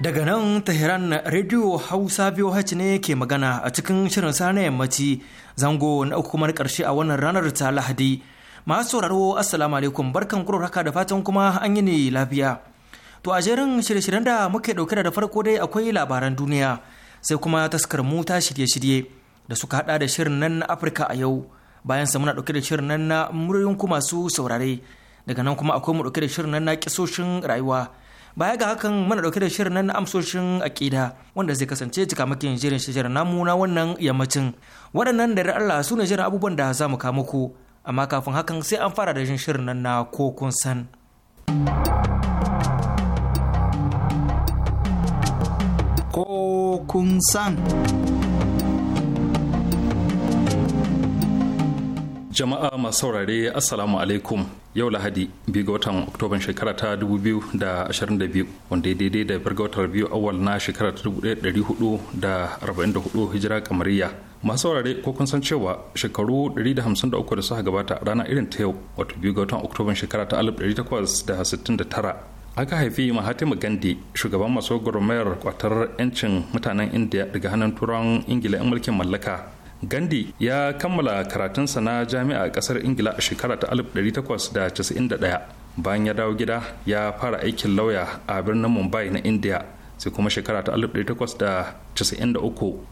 Daga nan Tehran Radio Hausa VOH ne ke magana a cikin shirin sa yammaci zango na uku kuma na a wannan ranar ta Lahadi. Masu sauraro Assalamu alaikum barkan kuro raka da fatan kuma an yi ne lafiya. To a jerin shirye-shiryen da muke ɗauke da farko dai akwai labaran duniya sai kuma taskar mu ta shirye-shirye da suka hada da shirin nan na Afirka a yau. Bayan sa muna dauke da shirin nan na muryoyin ku masu saurare. Daga nan kuma akwai mu ɗauke da shirin nan na kisoshin rayuwa. baya ga hakan mana dauke da shirin nan na amsoshin akida wanda zai kasance cikamakin jirin shirin namu wannan yammacin waɗannan da Allah su ne jiran abubuwan da za mu kama ku, amma kafin hakan sai an fara da jin shirin nan na ko kun san ko san jama'a masu saurare assalamu alaikum yau lahadi biyu ga watan oktoban shekara ta 2022 wanda ya daidai da birga watan biyu awal na shekara ta 1444 hijira kamariya masu saurare ko kun san cewa shekaru 153 da suka gabata ranar irin ta yau wato biyu ga watan oktoban shekara ta 1869 aka haifi mahatima gandhi shugaban maso gurmayar kwatar 'yancin mutanen india daga hannun turawan ingila 'yan mulkin mallaka gandhi ya kammala karatunsa na jami'a a kasar ingila a shekara ta 1891 bayan ya dawo gida ya fara aikin lauya a birnin mumbai na india sai kuma shekara ta 1893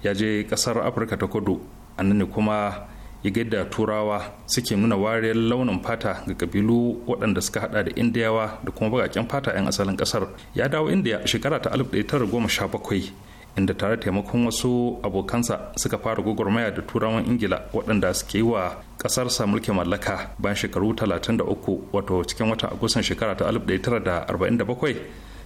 ya je kasar afirka ta kudu a ne kuma ya gaida turawa suke nuna wariyar launin fata ga kabilu waɗanda suka hada da indiyawa da kuma bakaken fata 'yan asalin ƙasar ya dawo indiya shekara ta 1917 inda tare taimakon wasu abokansa suka fara gwagwarmaya da turawan ingila waɗanda suke yi wa ƙasarsa mulkin mallaka bayan shekaru 33 wato cikin watan agustan shekara ta 1947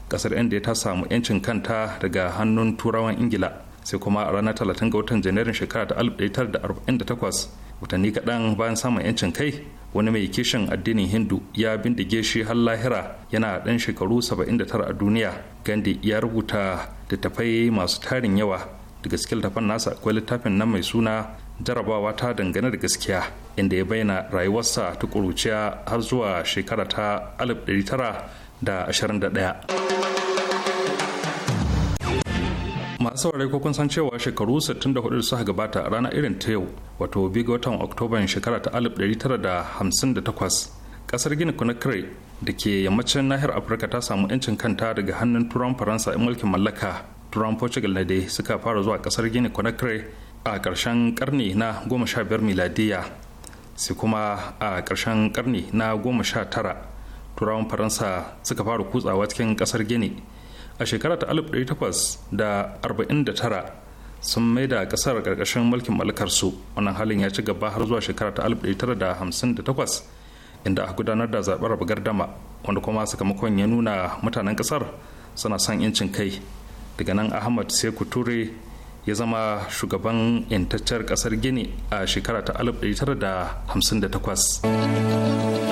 ƙasar inda ta samu 'yancin kanta daga hannun turawan ingila sai kuma a ranar 30 ga watan janairun shekara ta 1948 watanni kaɗan bayan samun 'yancin kai wani mai kishin addinin hindu ya bindige shi har lahira yana ɗan shekaru 79 a duniya gandi ya rubuta da tafai masu tarin yawa da gaske tafan nasa akwai littafin na mai suna jarabawa ta dangane da gaskiya inda ya bayyana rayuwarsa ta kuruciya har zuwa shekara ta 1921 masu saurari ko kun san cewa shekaru 64 da suka gabata a rana irin ta yau wato biyu ga watan oktoban shekara ta 1958 kasar gini conakry da ke yammacin nahiyar afirka ta samu 'yancin kanta daga hannun turan faransa in mulkin mallaka turan portugal na dai suka fara zuwa kasar gini conakry a ƙarshen karni na 15 miladiya sai kuma a ƙarshen karni na 19 turawan faransa suka fara kutsawa cikin kasar gini a shekara ta 1849 sun mai da kasar karkashin mulkin mallakarsu wannan halin ya ci gaba har zuwa shekara ta 1958 inda aka gudanar da zaɓen bugar dama wanda kuma sakamakon ya nuna mutanen kasar suna son 'yancin kai daga nan ahmad seku ture ya zama shugaban yantaccen kasar gini a shekara ta 1958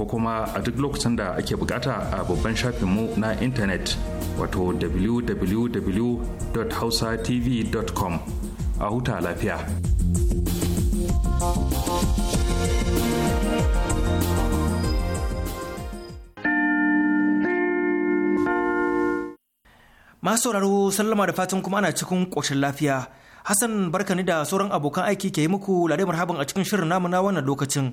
ko kuma a duk lokacin da ake bukata a babban shafinmu na intanet wato www.hausatv.com a huta lafiya. Masu sauraro sallama da fatan kuma ana cikin ƙoshin lafiya. Hassan barkani da sauran abokan aiki ke yi muku lare marhaban a cikin shirin namu na wannan lokacin.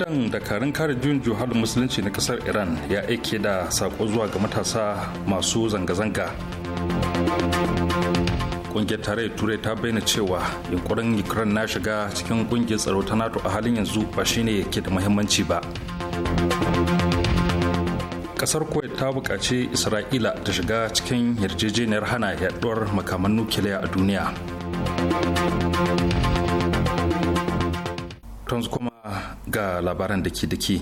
da dakarun kare juyin juhar musulunci na kasar iran ya aike da sako zuwa ga matasa masu zanga-zanga Ƙungiyar tarayyar turai ta bayyana cewa yunkurin ukraine na shiga cikin ƙungiyar tsaro ta nato a halin yanzu ba shine ke da muhimmanci ba kasar kuwait ta buƙaci isra'ila ta shiga cikin yarjejeniyar hana yaɗuwar makaman nukiliya a duniya ga labaran da ke dake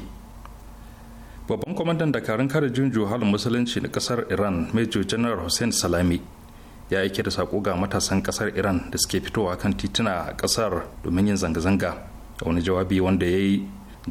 babban kwamandan dakarun kare junju halin musulunci na kasar iran major general hussein salami ya aike da sako ga matasan kasar iran da suke fitowa kan tituna a kasar domin yin zanga-zanga a wani jawabi wanda ya yi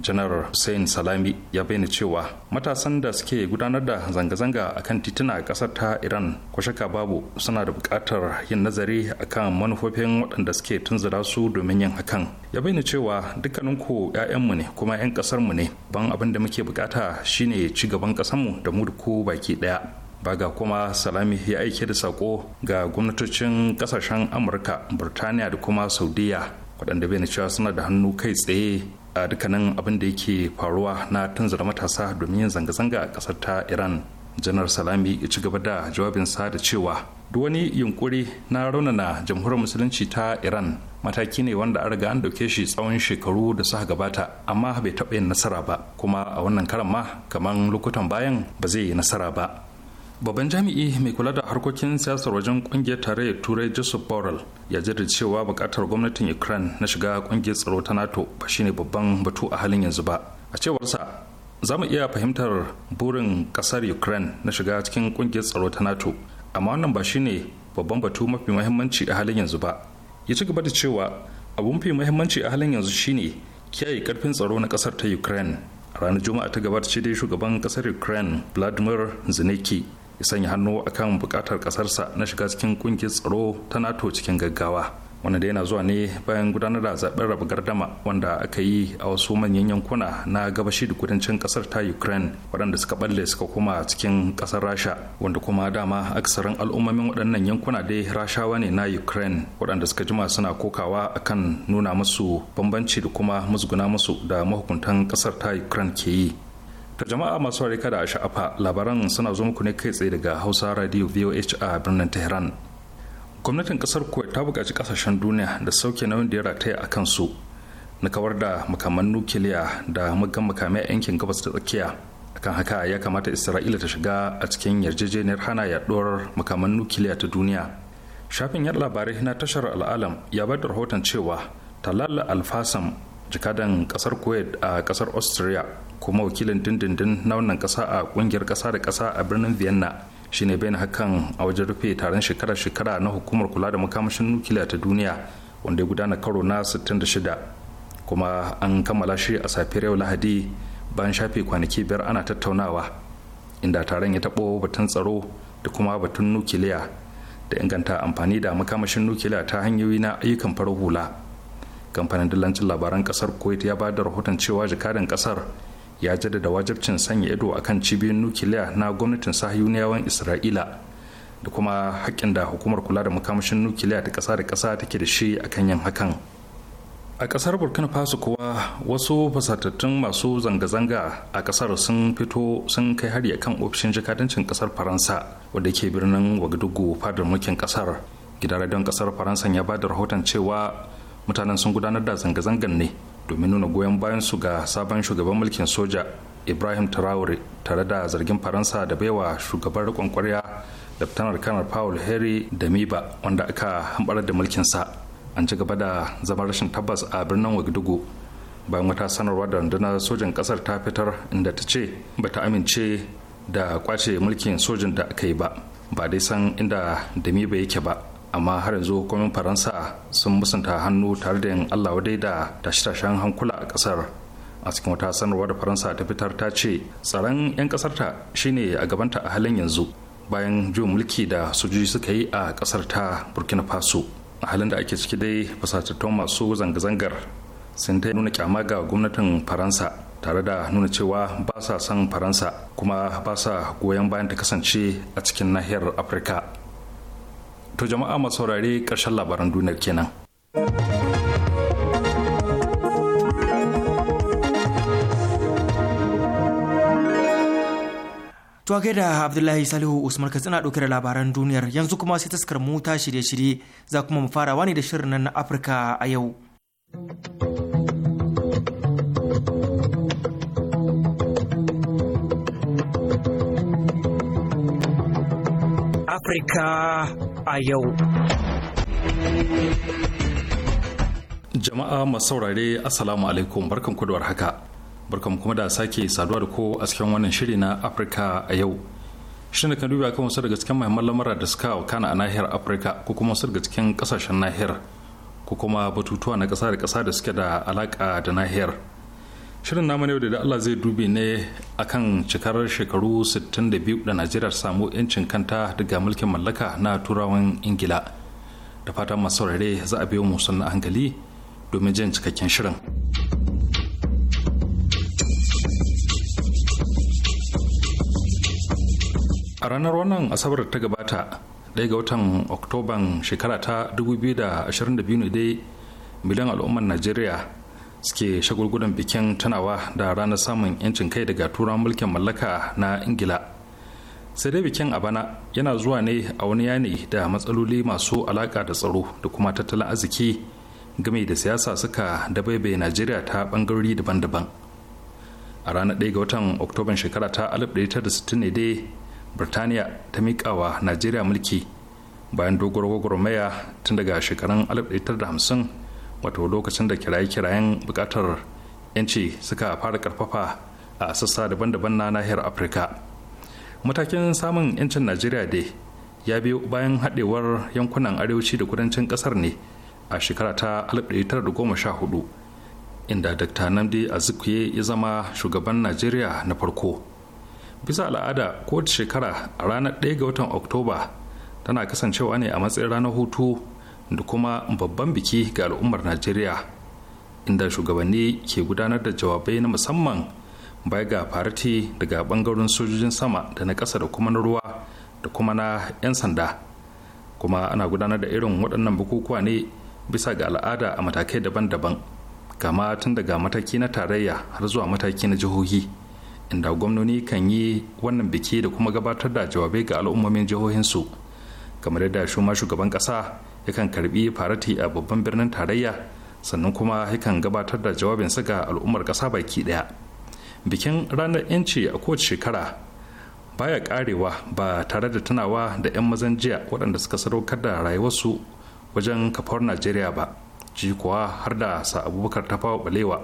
janar hussein salami ya bayyana cewa matasan da suke gudanar da zanga-zanga a kan tituna a ƙasar ta iran kwashaka babu suna da bukatar yin nazari a kan manufofin waɗanda suke tunzura su domin yin hakan ya bayyana cewa dukkanin ku 'ya'yanmu ne kuma 'yan ƙasarmu ne ban abin da muke bukata shine ci gaban ƙasarmu da mu da ku baki ɗaya baga kuma salami ya aike da sako ga gwamnatocin kasashen amurka burtaniya da kuma saudiya waɗanda bai cewa suna da hannu kai tsaye a dukkanin abin da yake faruwa na tunzura matasa domin yin zanga-zanga a kasar ta iran janar salami ya ci gaba da jawabinsa da cewa duk wani yunkuri na raunana jamhuriyar musulunci ta iran mataki ne wanda an riga an dauke shi tsawon shekaru da suka gabata amma bai taɓa yin nasara ba kuma a wannan karan ma kamar lokutan bayan ba zai yi nasara ba babban jami'i mai kula da harkokin siyasar wajen kungiyar tarayyar turai joseph borrell ya da cewa bukatar gwamnatin ukraine na shiga kungiyar tsaro ta nato ba shine babban batu a halin yanzu ba a sa za mu iya fahimtar burin kasar ukraine na shiga cikin kungiyar tsaro ta nato amma wannan ba shine babban batu mafi muhimmanci a halin yanzu ba ya ci gaba da cewa abu mafi muhimmanci a halin yanzu shine kiyaye karfin tsaro na kasar ta ukraine ranar juma'a ta gabata ce dai shugaban kasar ukraine vladimir zelensky ya sanya hannu a kan bukatar ƙasarsa na shiga cikin kungiyar tsaro ta nato cikin gaggawa wanda da yana zuwa ne bayan gudanar da zaben raba gardama wanda aka yi a wasu manyan yankuna na gabashi da kudancin kasar ta ukraine waɗanda suka balle suka koma cikin kasar rasha wanda kuma dama aksarin al'ummomin waɗannan yankuna dai rashawa ne na ukraine waɗanda suka jima suna kokawa akan nuna musu bambanci da kuma musguna musu da mahukuntan ƙasar ta ukraine ke yi To jama'a masu harika da sha'afa labaran suna zo muku ne kai tsaye daga Hausa Radio VOH a birnin Tehran. Gwamnatin kasar kuwa ta buƙaci kasashen duniya da sauke nauyin da ya rataya a kansu na kawar da makaman nukiliya da muggan makamai a yankin gabas da tsakiya. akan haka ya kamata isra'ila ta shiga a cikin yarjejeniyar hana yaɗuwar makaman nukiliya ta duniya shafin yar labarai na tashar al'alam ya ba da rahoton cewa talal alfasam jikadan kasar kuwait a kasar austria kuma wakilin dindindin na wannan kasa a kungiyar kasa da kasa a birnin vienna shine bayan hakan a wajen rufe taron shekara-shekara na hukumar kula da makamashin nukiliya ta duniya wanda ya gudana karo na 66 kuma an kammala shi a safiyar yau lahadi bayan shafe kwanaki biyar ana tattaunawa inda taron ya taɓo batun tsaro da kuma batun nukiliya da inganta amfani da makamashin nukiliya ta hanyoyi na ayyukan farar hula kamfanin dillancin labaran kasar kuwait ya ba da rahoton cewa jakadan kasar ya jaddada wajibcin sanya ido a kan cibiyoyin nukiliya na gwamnatin sahiyuniyawan isra'ila da kuma haƙƙin da hukumar kula da makamashin nukiliya ta ƙasa da ƙasa take da shi akan yin hakan a ƙasar burkina faso kuwa wasu fasatattun masu zanga-zanga a ƙasar sun fito sun kai hari akan ofishin jikadancin ƙasar faransa wadda ke birnin wagadugu fadar mulkin ƙasar gidan radiyon ƙasar faransa ya ba da rahoton cewa mutanen sun gudanar da zanga-zangan ne domin nuna goyon bayan su ga sabon shugaban mulkin soja ibrahim traore tare da zargin faransa da baiwa shugaban rikon kwarya laftanar kanar paul harry da miba wanda aka hambarar da mulkinsa an ci gaba da zama rashin tabbas a birnin wagdugu bayan wata sanarwa da rundunar sojan kasar ta fitar inda ta ce bata amince da kwace mulkin sojin da aka yi ba ba dai san inda da miba yake ba amma har yanzu hukumomin faransa sun musanta hannu tare da yin allah wadai da tashe-tashen hankula a kasar a cikin wata sanarwa da faransa ta fitar ta ce tsaron 'yan kasarta shine a gabanta a halin yanzu bayan juyin mulki da sojoji suka yi a kasar ta burkina faso a halin da ake ciki dai fasatattun masu zanga-zangar sun ta nuna kyama ga gwamnatin faransa tare da nuna cewa ba sa son faransa kuma ba sa goyon bayan ta kasance a cikin nahiyar afirka to jama'a masu saurare ƙarshen labaran duniyar kenan. To a da Abdullahi Salihu Usman Katsina ɗauke da labaran duniyar yanzu kuma sai taskar mu ta shirye-shirye za kuma mu farawa ne da shirin nan na Afirka a yau. Afirka a yau. Jama'a masu saurare Assalamu alaikum barkan kudowar haka. Barkan kuma da sake saduwa da ko a cikin wannan shiri na Afirka a yau. Shirin da kan duba kan wasu daga cikin mahimman lamura da suka kana a nahiyar Afirka ko kuma wasu daga cikin kasashen nahiyar ko kuma batutuwa na ƙasa da kasa da suke da alaƙa da nahiyar. shirin namu yau da Allah zai dubi ne akan cikarar shekaru 62 da Najeriya samu 'yancin kanta daga mulkin mallaka na turawan Ingila. Da fata masu saurare za a biyo mu sannan hankali domin jin cikakken shirin. A ranar wannan Asabar ta gabata, ɗaya ga watan Oktoban shekara ta 2022 ne dai miliyan al'ummar Najeriya suke shagulgudan bikin tunawa da ranar samun 'yancin kai daga turan mulkin mallaka na ingila sai dai bikin a bana yana zuwa ne a wani yani da matsaloli masu alaka da tsaro da kuma tattalin arziki game da siyasa suka dabaibaye najeriya ta bangarori daban-daban a ranar ɗaya ga watan oktoban shekara ta 1960 ne dai birtaniya ta miƙa wa najeriya mulki bayan doguwar gwagwarmaya tun daga shekarun 1950 wato lokacin da kiraye-kirayen bukatar yanci suka fara karfafa a sassa daban-daban na nahiyar afirka matakin samun yancin najeriya dai ya bi bayan haɗewar yankunan arewaci da kudancin ƙasar ne a shekara ta 1914 inda dr namdi azikiwe ya zama shugaban najeriya na farko bisa al'ada kowace shekara a ranar 1 ga watan oktoba tana kasancewa ne a matsayin ranar hutu da kuma babban biki ga al'ummar najeriya inda shugabanni ke gudanar da jawabai na musamman bai ga farati daga bangaren sojojin sama da na ƙasa da kuma na ruwa da kuma na 'yan sanda kuma ana gudanar da irin waɗannan bukukuwa ne bisa ga al'ada a matakai daban-daban kama tun daga mataki na tarayya har zuwa mataki na jihohi inda gwamnoni kan yi wannan biki da kuma gabatar da jawabai ga al'ummomin jihohinsu kamar yadda shuma shugaban ƙasa yakan karbi farati a babban birnin tarayya sannan kuma yakan gabatar da jawabinsa ga al'ummar ƙasa baki ɗaya bikin ranar 'yanci a kowace shekara baya karewa ba tare da tunawa da 'yan mazan jiya waɗanda suka sadaukar da rayuwarsu wajen kafar najeriya ba ji kuwa har da sa abubakar tafawa balewa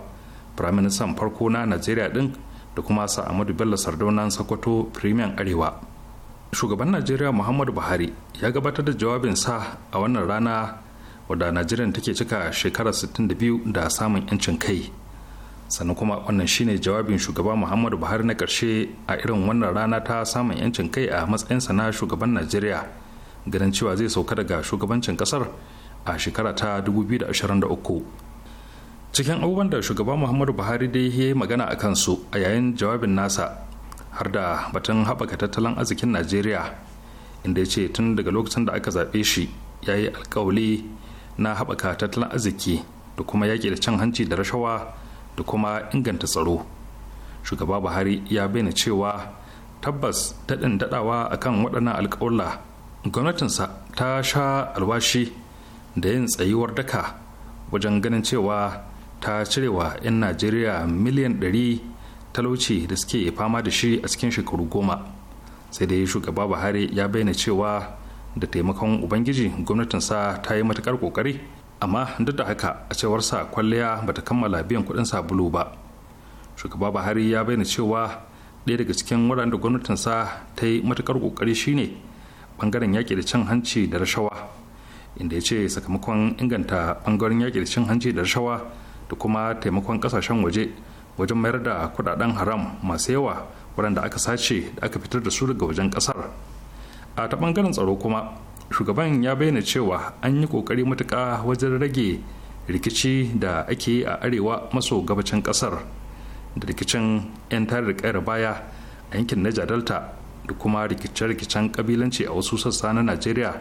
firaministan farko na najeriya ɗin da kuma sa amadu bello sardaunan sokoto premium arewa shugaban najeriya muhammadu buhari ya gabatar da jawabin sa a wannan rana wadda najeriya take cika shekara 62 da samun 'yancin kai sannan kuma wannan shine jawabin shugaba muhammadu buhari na karshe a irin wannan rana ta samun 'yancin kai a matsayinsa na shugaban najeriya ganin cewa zai sauka daga shugabancin kasar a shekara ta 2023 cikin abubuwan da shugaba muhammadu buhari dai ya yi magana a kansu a yayin jawabin nasa har da batun haɓaka tattalin arzikin najeriya inda ya ce tun daga lokacin da aka zaɓe shi ya yi alkawali na haɓaka tattalin arziki da kuma yaƙi da cin hanci da rashawa da kuma inganta tsaro shugaba buhari ya bayyana cewa tabbas daɗin daɗawa akan waɗannan alƙawla gwamnatinsa ta sha alwashi da yin tsayuwar daka wajen ganin cewa ta cirewa 'yan najeriya miliyan ɗari. talauci da suke fama da shi a cikin shekaru goma sai dai shugaba buhari ya bayyana cewa da taimakon ubangiji gwamnatin sa ta yi matukar kokari amma duk da haka a cewarsa kwalliya bata kammala biyan kuɗin sabulu ba shugaba buhari ya bayyana cewa ɗaya daga cikin wuraren da sa ta yi matukar kokari shine bangaren yaƙi da cin hanci da rashawa inda ya ce sakamakon inganta bangaren yaƙi da cin hanci da rashawa da kuma taimakon ƙasashen waje wajen mayar da kudaden haram masu yawa waɗanda aka sace da aka fitar da su daga wajen ƙasar a ta ɓangaren tsaro kuma shugaban ya bayyana cewa an yi ƙoƙari matuƙa wajen rage rikici da ake yi a arewa maso gabacin ƙasar da rikicin 'yan da ƙayar baya a yankin naja delta da kuma rikice-rikicen kabilanci a wasu sassa na najeriya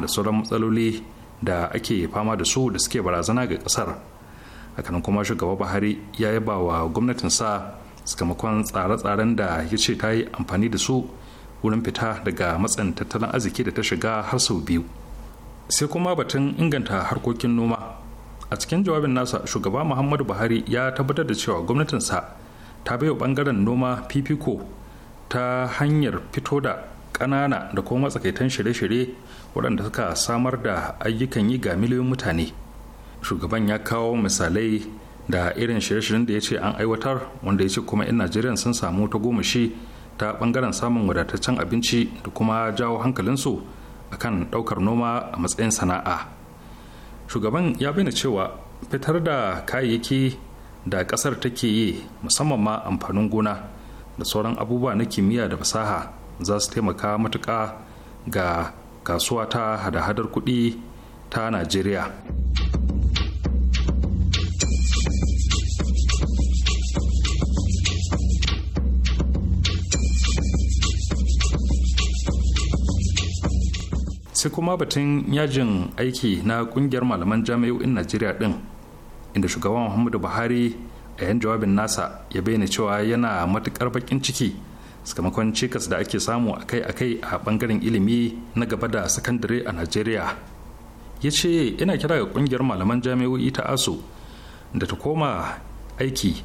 da sauran matsaloli da ake fama da su da suke barazana ga ƙasar hakanan kuma shugaba buhari ya yaba wa gwamnatin sa sakamakon tsare-tsaren da ya ce ta yi amfani da su wurin fita daga matsan tattalin arziki da ta shiga har sau biyu sai kuma batun inganta harkokin noma a cikin jawabin nasa shugaba muhammadu buhari ya tabbatar da cewa gwamnatin sa ta baiwa bangaren noma fifiko ta hanyar fito da ƙanana da kuma matsakaitan shirye-shirye waɗanda suka samar da ayyukan yi ga miliyoyin mutane shugaban ya kawo misalai da irin shirye-shiryen da ya ce an aiwatar wanda ya ce kuma 'yan najeriya sun samu ta goma shi ta bangaren samun wadataccen abinci da kuma jawo hankalinsu kan daukar noma a matsayin sana'a shugaban ya bayyana cewa fitar da kayayyaki da kasar take yi musamman ma amfanin gona da sauran abubuwa na kimiyya da fasaha za su taimaka matuka ga kasuwa ta hada-hadar kuɗi ta najeriya sai kuma batun yajin aiki na kungiyar malaman jami'o'in najeriya din inda shugaban muhammadu buhari a yan jawabin nasa ya bayyana cewa yana matukar bakin ciki sakamakon cikas da ake samu akai-akai a bangaren ilimi na gaba da sakandare a najeriya ya ce ina kira ga kungiyar malaman jami'o'i ta aso da ta koma aiki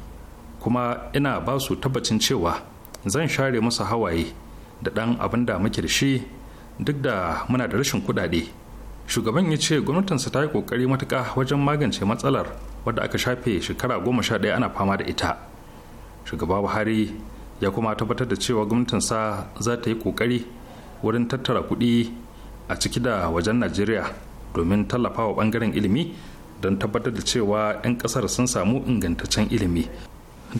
kuma ina ba su tabbacin cewa zan share musu hawaye da ɗan abin da muke da shi duk da muna da rashin kudade shugaban ya ce gwamnatinsa ta yi kokari matuka wajen magance matsalar wadda aka shafe shekara goma sha ɗaya ana fama da ita shugaba buhari ya kuma tabbatar da cewa gwamnatinsa za ta yi kokari wurin tattara kuɗi a ciki da wajen najeriya domin tallafawa bangaren ilimi don tabbatar da cewa 'yan kasar sun samu ingantaccen ilimi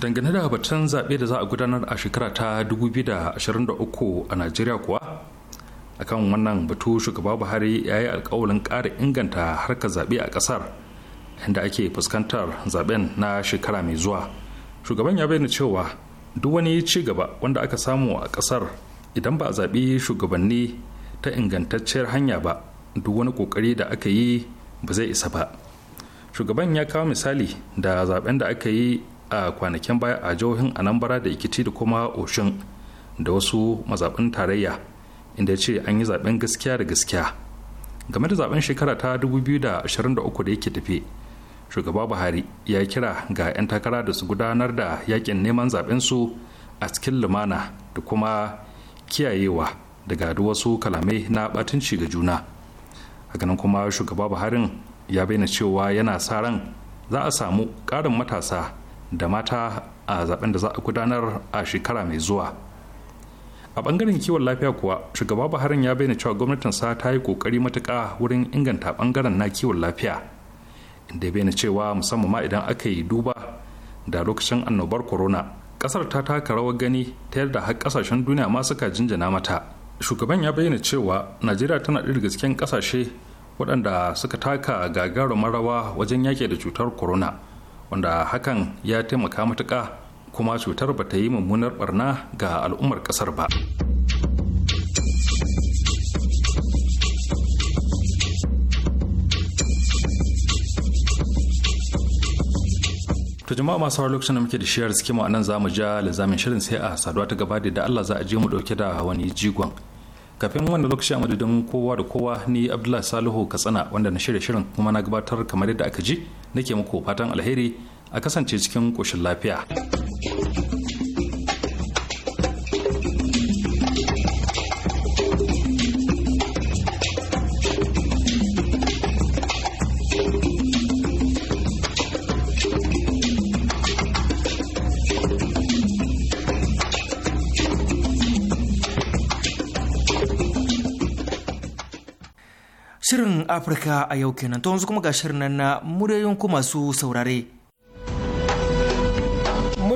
dangane da batun zaɓe da za a gudanar a shekara ta 2023 a najeriya kuwa akan wannan batu shugaba buhari ya yi alkawalin ƙara inganta harkar zaɓe a ƙasar inda ake fuskantar zaɓen na shekara mai zuwa shugaban ya bayyana cewa duk wani ci gaba wanda aka samu a ƙasar idan ba a zaɓi shugabanni ta ingantacciyar hanya ba duk wani ƙoƙari da aka yi ba zai isa ba shugaban ya kawo misali da zaɓen da aka yi a kwanakin baya a jihohin anambra da ikiti da kuma oshin da wasu mazaɓin tarayya inda ya ce an yi zaben gaskiya da gaskiya game da zaben shekara ta 2023 da yake tafe shugaba buhari ya kira ga 'yan takara da su gudanar da yakin neman su a cikin lumana da kuma kiyayewa daga wasu kalamai na batunci ga juna hakanan kuma shugaba buhari ya bayyana cewa yana sa ran za a samu ƙarin matasa da mata a zaben da za a gudanar a shekara mai zuwa a bangaren kiwon lafiya kuwa shugaba buharin ya bayyana cewa gwamnatinsa ta yi kokari matuƙa wurin inganta bangaren na kiwon lafiya inda ya bayyana cewa musamman ma idan aka yi duba da lokacin annobar corona kasar ta taka rawar gani ta yadda har kasashen duniya ma suka jinjina mata shugaban ya bayyana cewa najeriya tana ɗaya daga cikin kasashe waɗanda suka taka gagarumar rawa wajen yaƙi da cutar corona wanda hakan ya taimaka matuƙa kuma cutar ba ta yi mummunar barna ga al'ummar kasar ba to jama'a masu hawar lokacin da muke da shiyar suke a nan za mu ja lizamin shirin sai a saduwa ta gaba da Allah za a je mu dauke da wani jigon kafin wannan lokaci a madadin kowa da kowa ni abdullahi salihu katsina wanda na shirya shirin kuma na gabatar kamar yadda aka ji nake muku fatan alheri a kasance cikin ƙoshin lafiya. Shirin Afirka a yau kenan to yanzu kuma ga shirin nan na muryoyin ku masu saurare.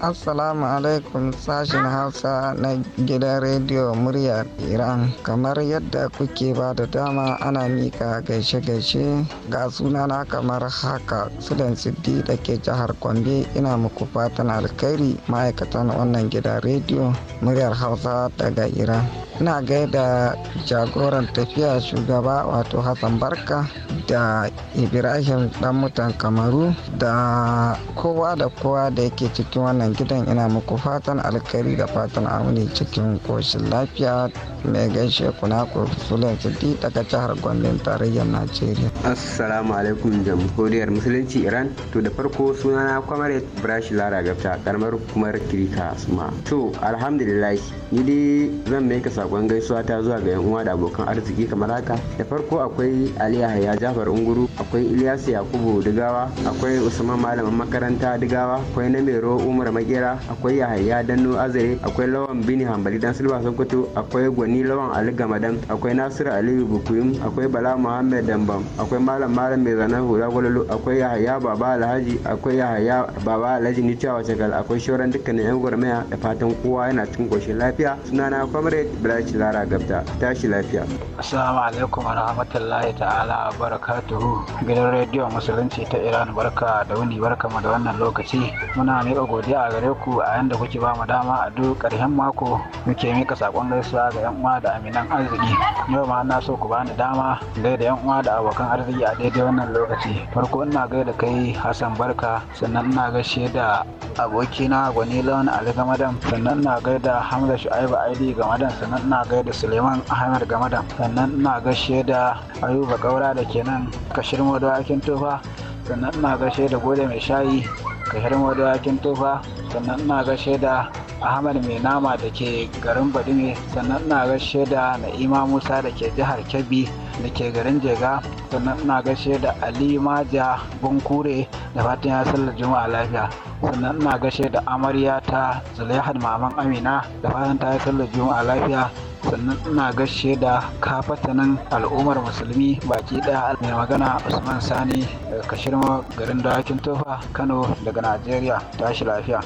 Assalamu alaikum sashen Hausa na gidan rediyo muryar Iran. Kamar yadda kuke ba da dama ana mika gaishe-gaishe ga sunana kamar haka Sudan Siddi da ke jihar Kwambe ina muku fatan alkhairi ma'aikatan wannan gidan rediyo muryar Hausa daga Iran. ina gaida jagoran tafiya shugaba wato hassan barka da ibrahim dan mutan kamaru da kowa da kowa da yake cikin wannan gidan ina muku fatan alkari da fatan amini cikin koshin lafiya mai gaishe kuna ku sulen sidi daga jihar gombe tarayyar najeriya assalamu alaikum jamhuriyar musulunci iran to da farko sunana kwamare brashi lara gafta karamar hukumar kirika suma to alhamdulillah ni dai zan mai ka sakon gaisuwa ta zuwa ga yan uwa da abokan arziki kamar haka da farko akwai ali yahaya jafar unguru akwai ilyas yakubu digawa akwai usman malamin makaranta digawa akwai namero umar makera akwai yahaya danno azare akwai lawan bini hambali dan silba, sokoto akwai gwani lawan ali gamadan akwai nasiru aliyu bukuyum akwai bala muhammed dambam akwai malam malam mai zanen hula gwalolo akwai yahaya baba alhaji akwai yahaya baba alhaji ni cewa akwai shauran dukkanin yan gwarmaya da fatan kowa yana cikin koshin lafiya sunana comrade Abdullahi Lara Gabda tashi lafiya. Assalamu alaikum wa rahmatullahi ta'ala wa barakatuhu gidan rediyon musulunci ta Iran barka da wuni barka da wannan lokaci muna miƙa godiya a gare ku a yanda kuke ba mu dama a duk ƙarshen mako muke mika saƙon gaisuwa ga yan uwa da aminan arziki yau ma na so ku bani dama gaida yan uwa da abokan arziki a daidai wannan lokaci farko ina gaida kai hasan Barka sannan ina gaishe da abokina Gwani Lawan Ali Gamadan sannan ina gaida Hamza Shu'aibu Aidi Gamadan sannan ina gaida suleiman ahmed gamadan sannan ina gaishe da ayuba kaura da ke nan kashir madawakin tufa sannan ina gaishe da gode mai shayi kashir madawakin tufa sannan ina gaishe da ahmad mai nama da ke garin badime sannan ina gaishe da na'ima musa da ke jihar kebbi da ke garin jega sannan ina gaishe da ali maja bunkure da fatan ya sallar juma'a lafiya sannan ina gaishe da amarya ta zulaihar maman amina da fatan ta yi sallar juma'a lafiya sannan ina gaishe da kafatanin al'ummar musulmi baki daya mai magana usman sani daga kashirma garin dawakin tofa kano daga najeriya tashi lafiya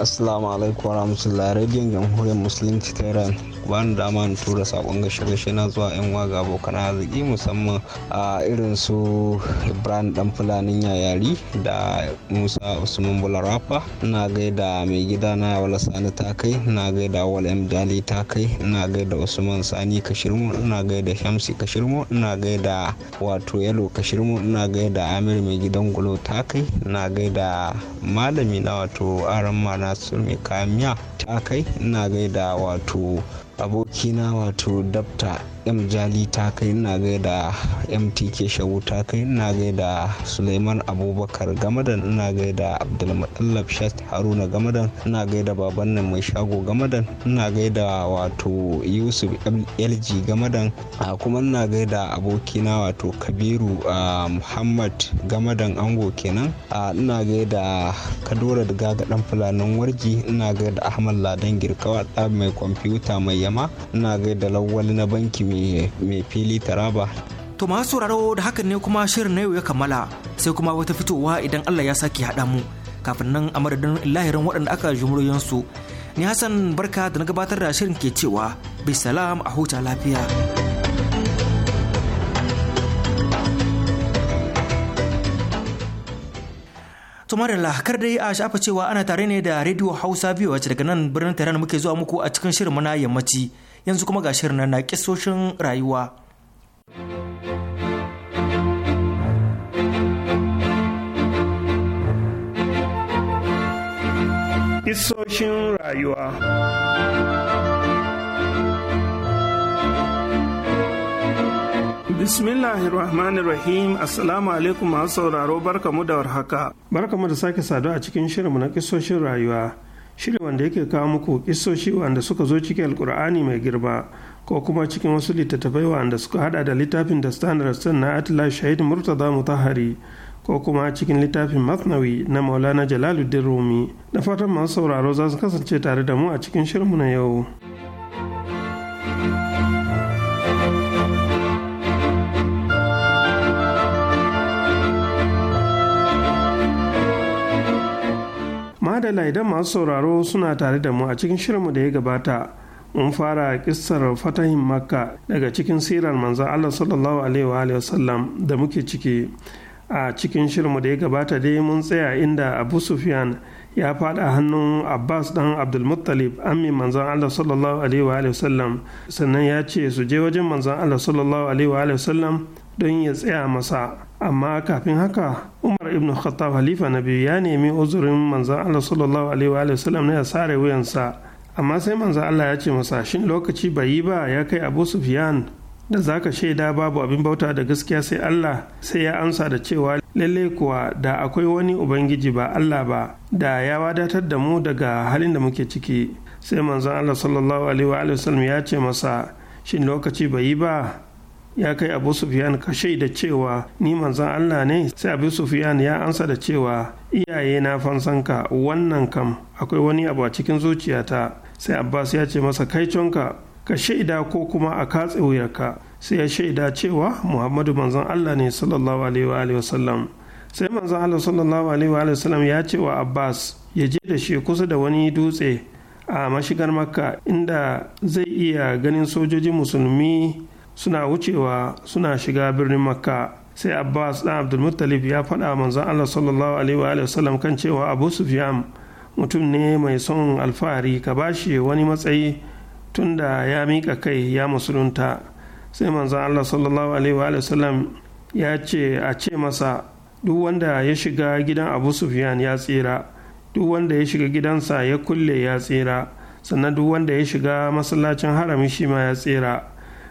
assalamu alaikum warahmatullahi radiyon jamhuriyar musulunci ta iran ba ni dama in tura sakon gashe-gashe na zuwa yan waga abokan arziki musamman a irin su ibrahim dan fulanin yayari da musa usman bularafa na gaida mai gida na wala sani ta kai na gaida wala mdali ta kai na gaida usman sani kashirmu na gaida shamsi kashirmu na gaida wato yalo kashirmu na gaida amir mai gidan gulo ta kai na gaida malami na wato aran mana mai kamiya ta kai na gaida wato abokina wato dabta m ta kai ina gaida mtk shagu ta kai ina gaida suleiman abubakar gamadan ina gaida abdulmutallab shat haruna gamadan ina gaida baban nan mai shago gamadan ina gaida wato yusuf lg gamadan kuma ina gaida abokina wato kabiru muhammad gamadan ango kenan ina gaida kadora da gagadan fulanin warji ina gaida ahmad ladan girkawa mai kwamfuta mai yama ina gaida lawali na banki mai fili taraba to masu sauraro da hakan ne kuma shirin na yau ya kammala sai kuma wata fitowa idan allah ya sake haɗa mu kafin nan a madadin lahirin waɗanda aka jumuriyansu ni hassan barka da na gabatar da shirin ke cewa salam a huta lafiya tumarila kar dai a shafa cewa ana tare ne da radio hausa biyu wacce daga nan birnin tehran muke zuwa muku a cikin shirin mana yammaci yanzu kuma ga shirin na kisoshin rayuwa Kisoshin rayuwa rahim Assalamu alaikum masu sauraro barkamu da warhaka. Barkamu da sake saduwa a cikin shirinmu na kisoshin rayuwa. shirin wanda yake kawo muku kisoshi wanda suka zo cikin alkur'ani mai girba ko kuma cikin wasu littattafai wanda suka hada da littafin da standard sun na atila shahid murtaza mutahari ko kuma cikin littafin masnawi na maulana jalaluddin rumi da fatan masu sauraro za su kasance tare da mu a cikin shirinmu na yau. madala idan masu sauraro suna tare da mu a cikin shirinmu da ya gabata mun fara kissar fatahin makka daga cikin sirar manzan allah sallallahu alaihi wa sallam da muke ciki a cikin shirinmu da ya gabata dai mun tsaya inda abu sufyan ya fada hannun abbas dan abdulmuttalib ami manzan allah sallallahu alaihi wa sallam sannan ya ce su je wajen manzan allah sallallahu alaihi wa sallam don ya tsaya masa amma kafin haka umar ibn khattab halifa na biyu ya nemi uzurin manzan allah sallallahu alaihi wa sallam na ya sare wuyansa amma sai manzan allah ya ce masa shin lokaci bai yi ba ya kai abu sufyan da za ka shaida babu abin bauta da gaskiya sai allah sai ya amsa da cewa lalle kuwa da akwai wani ubangiji ba allah ba da ya wadatar da mu daga halin da muke ciki sai manzan allah sallallahu alaihi wa sallam ya ce masa shin lokaci bai yi ba ya kai abu Sufiyan ka shaida cewa ni manzan allah ne sai abu Sufiyan ya ansa da cewa iyaye na fansan ka. wannan kam akwai wani abu a cikin zuciyata sai abbas ya ce masa kai conka ka shaida ko kuma a katse wuyarka sai ya shaida cewa muhammadu manzan allah ne sallallahu alaihi wa sallam sai manzan allah sallallahu alaihi wa sallam ya ce wa abbas ya je da shi kusa da wani dutse a mashigar makka inda zai iya ganin sojojin musulmi suna wucewa suna shiga birnin makka sai abbas dan abdulmuttalib ya faɗa manzon allah sallallahu alaihi wa sallam kan cewa abu sufyan mutum ne mai son alfahari ka bashi wani matsayi tunda ya miƙa kai ya musulunta sai manzon allah sallallahu alaihi wa sallam ya ce a ce masa duk wanda ya shiga gidan abu sufyan ya tsira duk wanda ya shiga gidansa ya kulle ya tsira sannan duk wanda ya shiga masallacin haramin shi ma ya tsira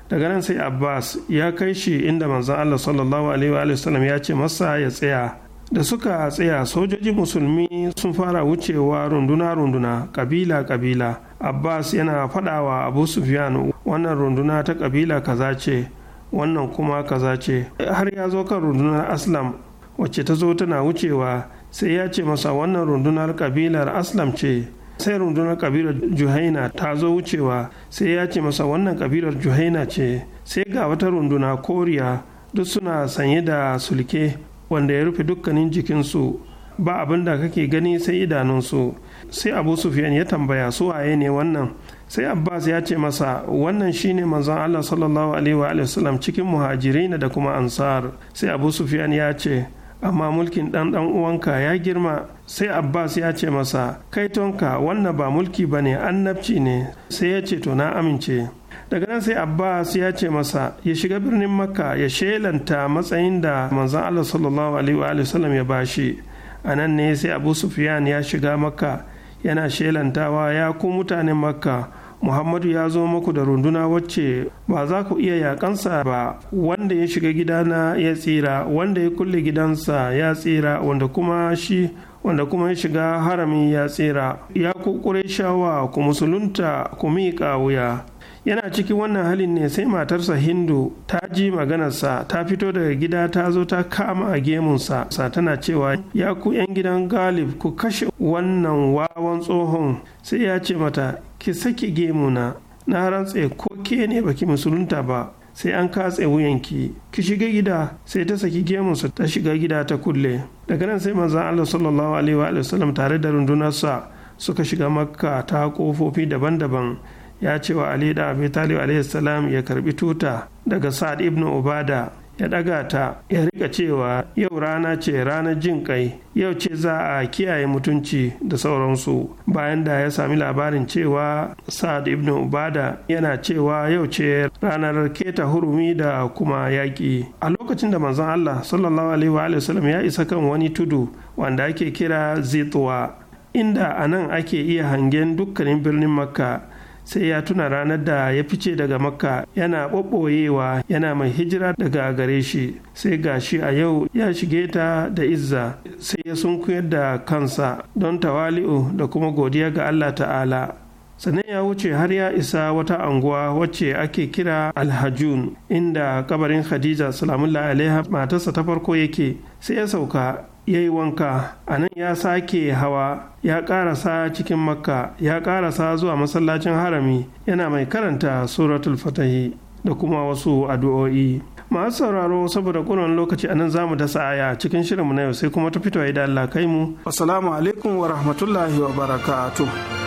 daga nan sai abbas ya kai shi inda manzon allah sallallahu alaihi wa sallam ya ce masa ya tsaya da suka tsaya sojoji musulmi sun fara wucewa runduna-runduna kabila-kabila abbas yana faɗawa abu sufyan wannan runduna ta kabila kaza ce wannan kuma kaza ce har ya zo kan rundunar aslam wacce ta zo tana wucewa sai ya ce masa wannan rundunar kabilar aslam ce sai rundunar kabilar juhaina ta zo wucewa sai ya ce masa wannan kabilar juhaina ce sai ga wata runduna koriya duk suna sanye da sulke wanda ya rufe dukkanin jikinsu ba abin da kake gani sai idanunsu sai abu sufiyan ya tambaya su waye ne wannan sai abbas ya ce masa wannan shine manzon allah sallallahu alaihi wa sallam cikin muhajirai da kuma ansar sai abu sufiyan ya ce amma mulkin ɗan ɗan uwanka ya girma sai abbas ya ce masa kai tonka wannan ba mulki ba ne annabci ne sai ya ce to na amince daga nan sai abbas ya ce masa ya shiga birnin makka ya shelanta matsayin da manzan allah sallallahu alaihi wa ya bashi a nan ne sai abu sufyan ya shiga makka yana shelantawa ya ku mutanen makka muhammadu ya zo muku da runduna wacce ba za ku iya yakansa ba wanda ya shiga gidana ya tsira wanda ya kulle gidansa ya tsira wanda kuma shi wanda kuma ya shiga harami ya tsira ya kukure shawa ku musulunta ku miƙa wuya yana ciki wannan halin ne sai matarsa hindu ta ji maganarsa ta fito daga gida ta zo ta kama a gemunsa sa tana cewa ya ku 'yan gidan galib ku kashe wannan wawan tsohon sai ya ce mata ki saki gemu na na rantse ko ke ne baki musulunta ba sai an katse wuyanki ki shiga gida sai ta saki gemu gemunsa ta shiga gida ta kulle daga nan sai manzan Allah sallallahu alaihi wa sallam tare da rundunarsa suka shiga makka ta kofofi daban-daban ya ce wa Ali da Abi Talib alaihi salam ya karbi tuta daga Sa'ad ibnu Ubada ya ɗaga ta ya rika cewa yau rana ce ranar jin kai yau ce za a kiyaye mutunci da sauransu bayan da ya sami labarin cewa sa'ad ibn ubada yana cewa yau ce ranar keta hurumi da kuma yaƙi a lokacin da manzon allah sallallahu alaihi wa sallam ya isa kan wani tudu wanda ake kira zitwa inda a nan ake iya hangen dukkanin birnin makka sai ya tuna ranar da ya fice daga makka yana ɓoɓɓoyewa yana mai hijira daga gare shi sai gashi a yau ya shige ta da izza sai ya sunkuyar da kansa don tawali'u da kuma godiya ga allah ta'ala sannan ya wuce har ya isa wata anguwa wacce ake kira alhajun inda kabarin khadija salamullahi alaiha matarsa ta farko yake sai ya sauka ya yi wanka a nan ya sake hawa ya karasa cikin makka ya karasa zuwa masallacin harami yana mai karanta suratul fatahi da kuma wasu addu'o'i masu sauraro saboda ƙuran lokaci a nan zamu dasa aya cikin shirinmu na yau sai kuma ta fito da Allah kai mu assalamu alaikum wa rahmatullahi wa barakatuh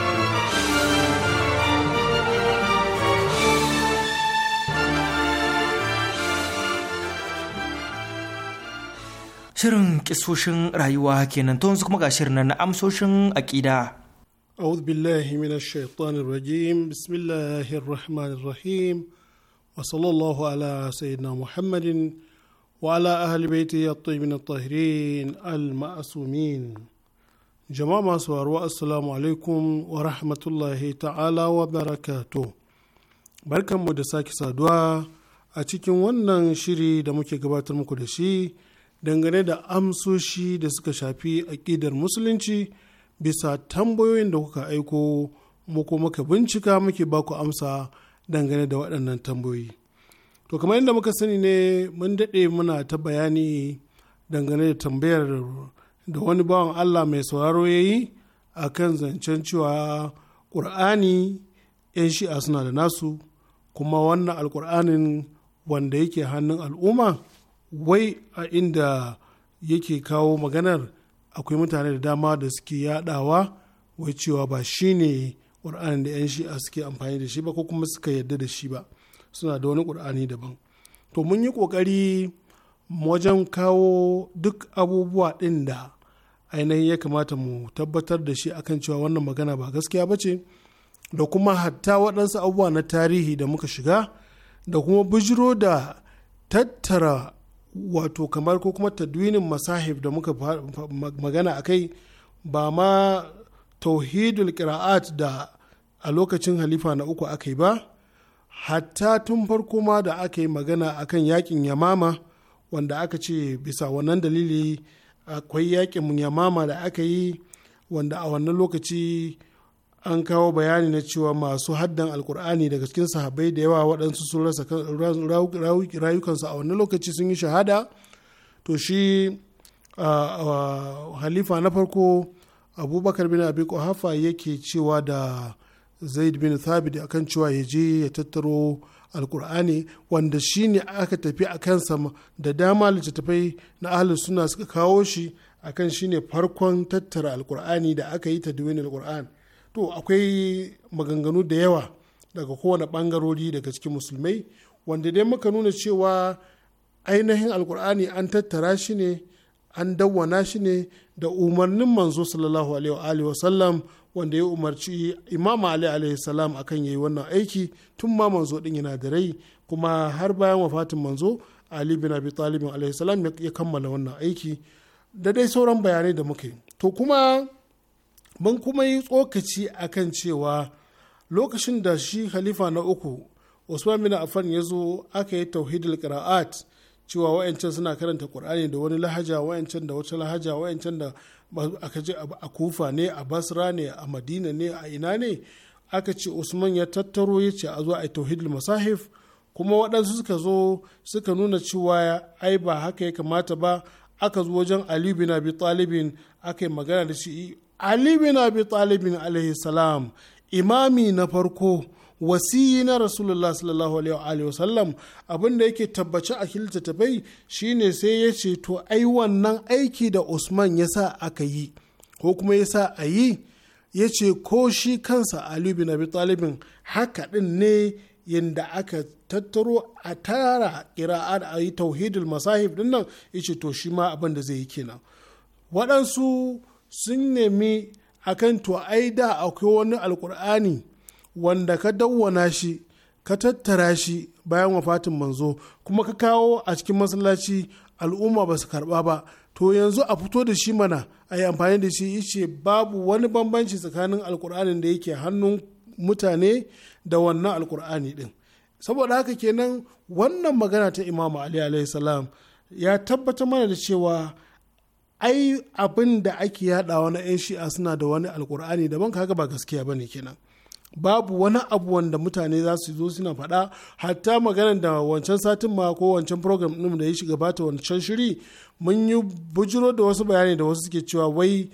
shirin kisoshin rayuwa kenan to yanzu kuma ga shirin na amsoshin akida a'udhu billahi minash shaitanir rajim bismillahir rahmanir rahim wa sallallahu ala sayyidina muhammadin wa ala ahli baiti at-tayyibin mina tahirin al-ma'sumin jama'a masu warwa assalamu alaikum wa rahmatullahi ta'ala wa barakato barkanmu da sake saduwa a cikin wannan shiri da muke gabatar muku da shi dangane da amsoshi da suka shafi aƙidar musulunci bisa tambayoyin da kuka aiko muku muka bincika muke baku amsa dangane da waɗannan tambayoyi to kamar yadda muka sani ne mun daɗe muna ta bayani dangane da tambayar da wani bawan allah mai sauraro ya yi a kan zancen cewa ƙur'ani 'yan shi'a suna da nasu kuma wannan alƙur'anin wanda yake hannun al'umma wai a inda yake kawo maganar akwai mutane da dama da suke yadawa wai cewa ba shi ne ƙur'anin da 'yan shi'a suke amfani da shi ba ko kuma suka yarda da shi ba suna da wani ƙur'ani daban to mun yi ƙoƙari wajen kawo duk abubuwa ɗin da ainihin ya kamata mu tabbatar da shi akan cewa wannan magana ba gaskiya ba ce da kuma hatta waɗansu abubuwa na tarihi da muka shiga da kuma bijiro da tattara wato kamar ko kuma tadwinin masahib da muka magana a kai ba ma tauhidul kira'at da a lokacin halifa na uku aka yi ba hatta tun farko ma da aka yi magana a kan yakin yamama wanda aka ce bisa wannan dalili akwai yakin yamama da aka yi wanda a wannan lokaci an kawo bayani na cewa masu haddan alkur'ani daga cikin sahabbai da yawa waɗansu sun rasa rayukansu a wannan lokaci sun yi shahada to shi halifa na farko abubakar bin abi hafa yake cewa da zaid bin thabit akan cewa ya je ya tattaro alkur'ani wanda shi ne aka tafi a kansa da dama littattafai na ahalin suna suka kawo shi akan shi ne farkon tattara alkur'ani da aka yi ta alkur'ani to akwai maganganu da yawa daga kowane bangarori daga cikin musulmai wanda dai muka nuna cewa ainihin alkur'ani an tattara shi ne an dawwana shi ne da umarnin manzo sallallahu alaihi wa sallam wanda ya umarci imam ali alaihi salam akan yayi wannan aiki tun ma manzo din yana da rai kuma har bayan wafatin manzo ali bin abi talib alaihi salam ya kammala wannan aiki da dai sauran bayanai da muke to kuma mun kuma yi tsokaci a kan cewa lokacin da shi khalifa na uku usman bin affan ya zo aka yi tauhidul qira'at cewa wayancan suna karanta qur'ani da wani lahaja wayancan da wata lahaja wayancan da aka je a kufa ne a basra ne a madina ne a ina ne aka ce usman ya tattaro ya ce a zo a yi tauhidul masahif kuma waɗansu suka zo suka nuna cewa ai ba haka ya kamata ba aka zo wajen Ali bin Abi Talibin aka yi magana da shi ali bin abi talibin alaihi salam imami na farko wasiyi na rasulullah sallallahu alaihi wasallam abin da yake tabbaci a littattafai shine sai ya ce to ai wannan aiki da usman yasa aka yi ko kuma yasa sa a yi ya ce ko shi kansa ali bin abi talibin haka din ne yadda aka tattaro a tara kira'a da a yi tauhidul masahib din nan ya to shi ma abin da zai yi kenan waɗansu sun nemi akan to ai da akwai wani alkur'ani wanda ka dawwana shi ka tattara shi bayan wafatin manzo kuma ka kawo a cikin masallaci al'umma ba su karba ba to yanzu a fito da shi mana a yi amfani da shi ice babu wani bambanci tsakanin alkur'anin da yake hannun mutane da wannan alkur'ani din saboda haka kenan wannan magana ta imamu ali salam ya tabbatar mana da cewa ai abin da ake yaɗawa na 'yan shi'a suna da wani alkur'ani daban kaga ba gaskiya ba ne kenan babu wani abu wanda mutane za su zo suna faɗa hatta maganar da wancan satin ma ko wancan program ɗin da ya shiga bata wancan shiri mun yi bujiro da wasu bayani da wasu suke cewa wai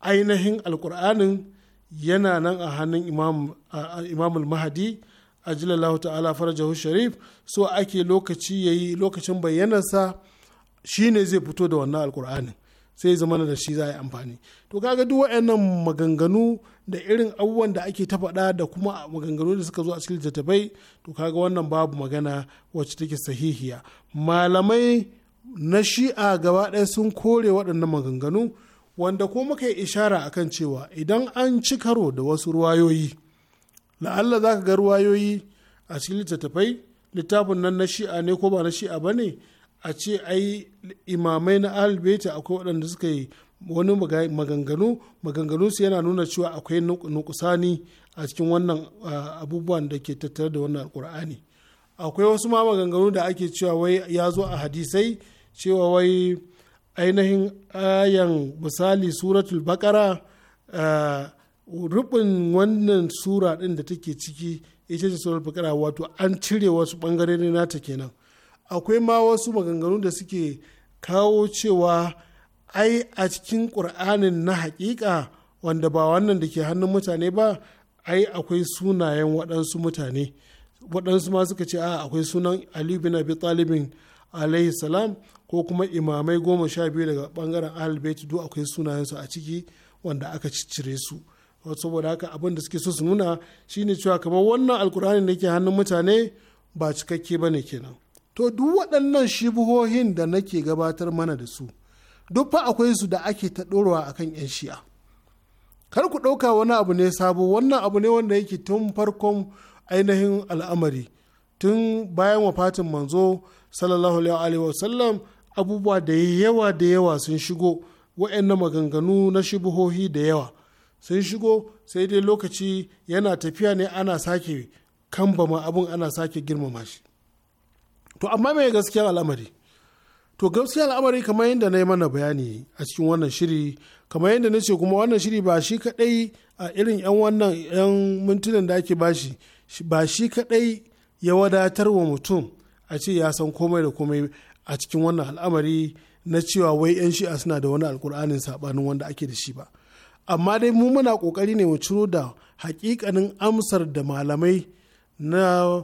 ainihin alkur'anin yana nan a hannun imam mahadi a ajilallahu ta'ala farajahu sharif so ake lokaci yayi lokacin bayyanarsa shine zai fito da wannan alkur'anin sai zama da shi za a yi amfani to kaga duk waɗannan maganganu da irin abubuwan da ake ta faɗa da kuma maganganu da suka zo a cikin littattafai to kaga wannan babu magana wacce take sahihiya malamai na shi'a gaba ɗaya sun kore waɗannan maganganu wanda ko muka yi ishara a kan cewa idan an ci karo da wasu ruwayoyi la'alla za ka ga ruwayoyi a cikin littattafai littafin nan na shi'a ne ko ba na shi'a ba ne a ce ai imamai na albeta akwai waɗanda suka yi wani maganganu maganganu su yana nuna cewa akwai nukusani a cikin wannan abubuwan da ke tattare da wannan alkur'ani akwai wasu ma maganganu da ake cewa wai ya zo a hadisai cewa wai ainihin ayan misali suratul bakara rubin wannan sura ɗin da take ciki ita ce suratul bakara wato an cire wasu na nata kenan akwai ma wasu maganganu da suke kawo cewa ai a cikin ƙur'anin na haƙiƙa wanda ba wannan da ke hannun mutane ba ai akwai sunayen waɗansu mutane waɗansu ma suka ce a akwai sunan ali bin abi talibin alaihi salam ko kuma imamai goma sha biyu daga ɓangaren ahalbeit duk akwai sunayensu a ciki wanda aka ciccire su saboda haka abin da suke so su nuna shine cewa kamar wannan alkur'ani da ke hannun mutane ba cikakke ba ne kenan to duk waɗannan shibuhohin da nake gabatar mana da su duk fa akwai su da ake ta ɗorawa akan 'yan shi'a kar ku ɗauka wani abu ne sabo wannan abu ne wanda yake tun farkon ainihin al'amari tun bayan wafatin manzo sallallahu alaihi sallam abubuwa da yawa da yawa sun shigo wa'annan maganganu na shibuhohi da yawa sun shigo sai dai lokaci yana tafiya ne ana sake kambama abun ana sake girmama shi to amma mai gaskiyar al'amari to gaskiyar al'amari kamar yadda na yi mana bayani a cikin wannan shiri kamar yadda na ce kuma wannan shiri ba shi kadai a irin yan wannan yan mintunan da ake bashi ba shi kadai ya wadatar wa mutum a ce ya san komai da komai a cikin wannan al'amari na cewa wai 'yan shi'a suna da wani alkur'anin sabanin wanda ake da shi ba amma dai mu muna kokari ne mu ciro da hakikanin amsar da malamai na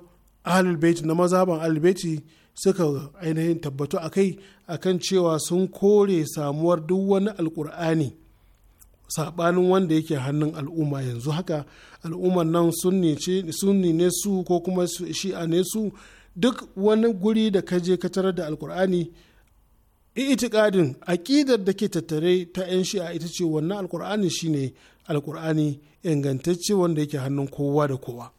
ahlul baiti na mazaban ahlul baiti suka ainihin tabbatu a kai a kan cewa sun kore samuwar duk wani alkur'ani saɓanin wanda yake hannun al'umma yanzu haka al'ummar nan sunni ne su ko kuma shi'a ne su duk wani guri da ka je ka tarar da alkur'ani itikadin aƙidar da ke tattare ta 'yan shi'a ita ce wannan alkur'ani shine alkur'ani ingantacce wanda yake hannun kowa da kowa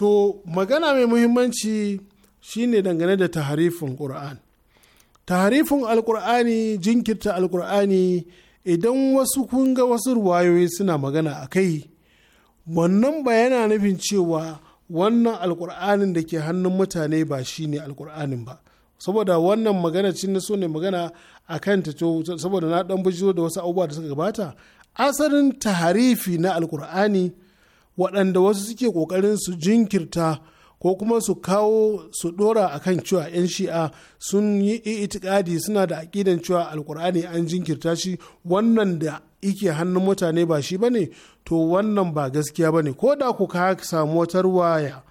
to magana mai muhimmanci shine dangane da taharifin ƙur'an taharifin alƙur'ani jinkirta alƙur'ani idan wasu kun ga wasu ruwayoyi suna magana a kai wannan ba yana nufin cewa wannan alƙur'anin da ke hannun mutane ba shi ne alƙur'anin ba saboda wannan magana cin so ne magana a kan ta saboda na ɗan bujiro da wasu abubuwa da suka gabata asalin taharifi na alkur'ani waɗanda wasu suke ƙoƙarin su jinkirta ko kuma su kawo su ɗora a kan cewa 'yan shi'a sun yi itikadi suna da aƙidan cewa alkur'ani an jinkirta shi wannan da ike hannun mutane ba shi ba ne to wannan ba gaskiya ba ne ko da ku ka samu wata ruwaya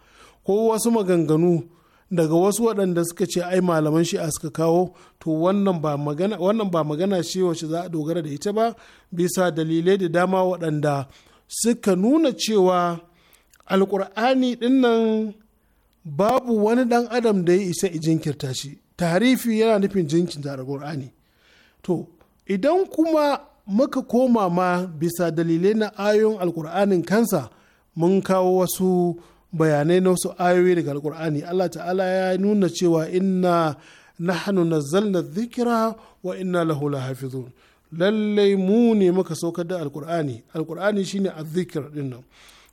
ko wasu maganganu daga wasu waɗanda suka ce ai malaman shi'a suka kawo to wannan ba magana wannan ce wacce za a dogara da ita ba bisa dalilai da dama waɗanda suka nuna cewa alkur'ani dinnan babu wani dan adam da ya isa jinkirta shi tarifi yana nufin da alkur'ani to idan kuma muka koma ma bisa dalilai na ayoyin alkur'anin kansa mun kawo wasu bayanai na wasu ayoyi daga alkur'ani allah ta'ala ya nuna cewa inna nahnu nazzalna zikira wa inna lahu lahafizun lallai mu ne muka saukar da alkur'ani alkur'ani shine azzikir din nan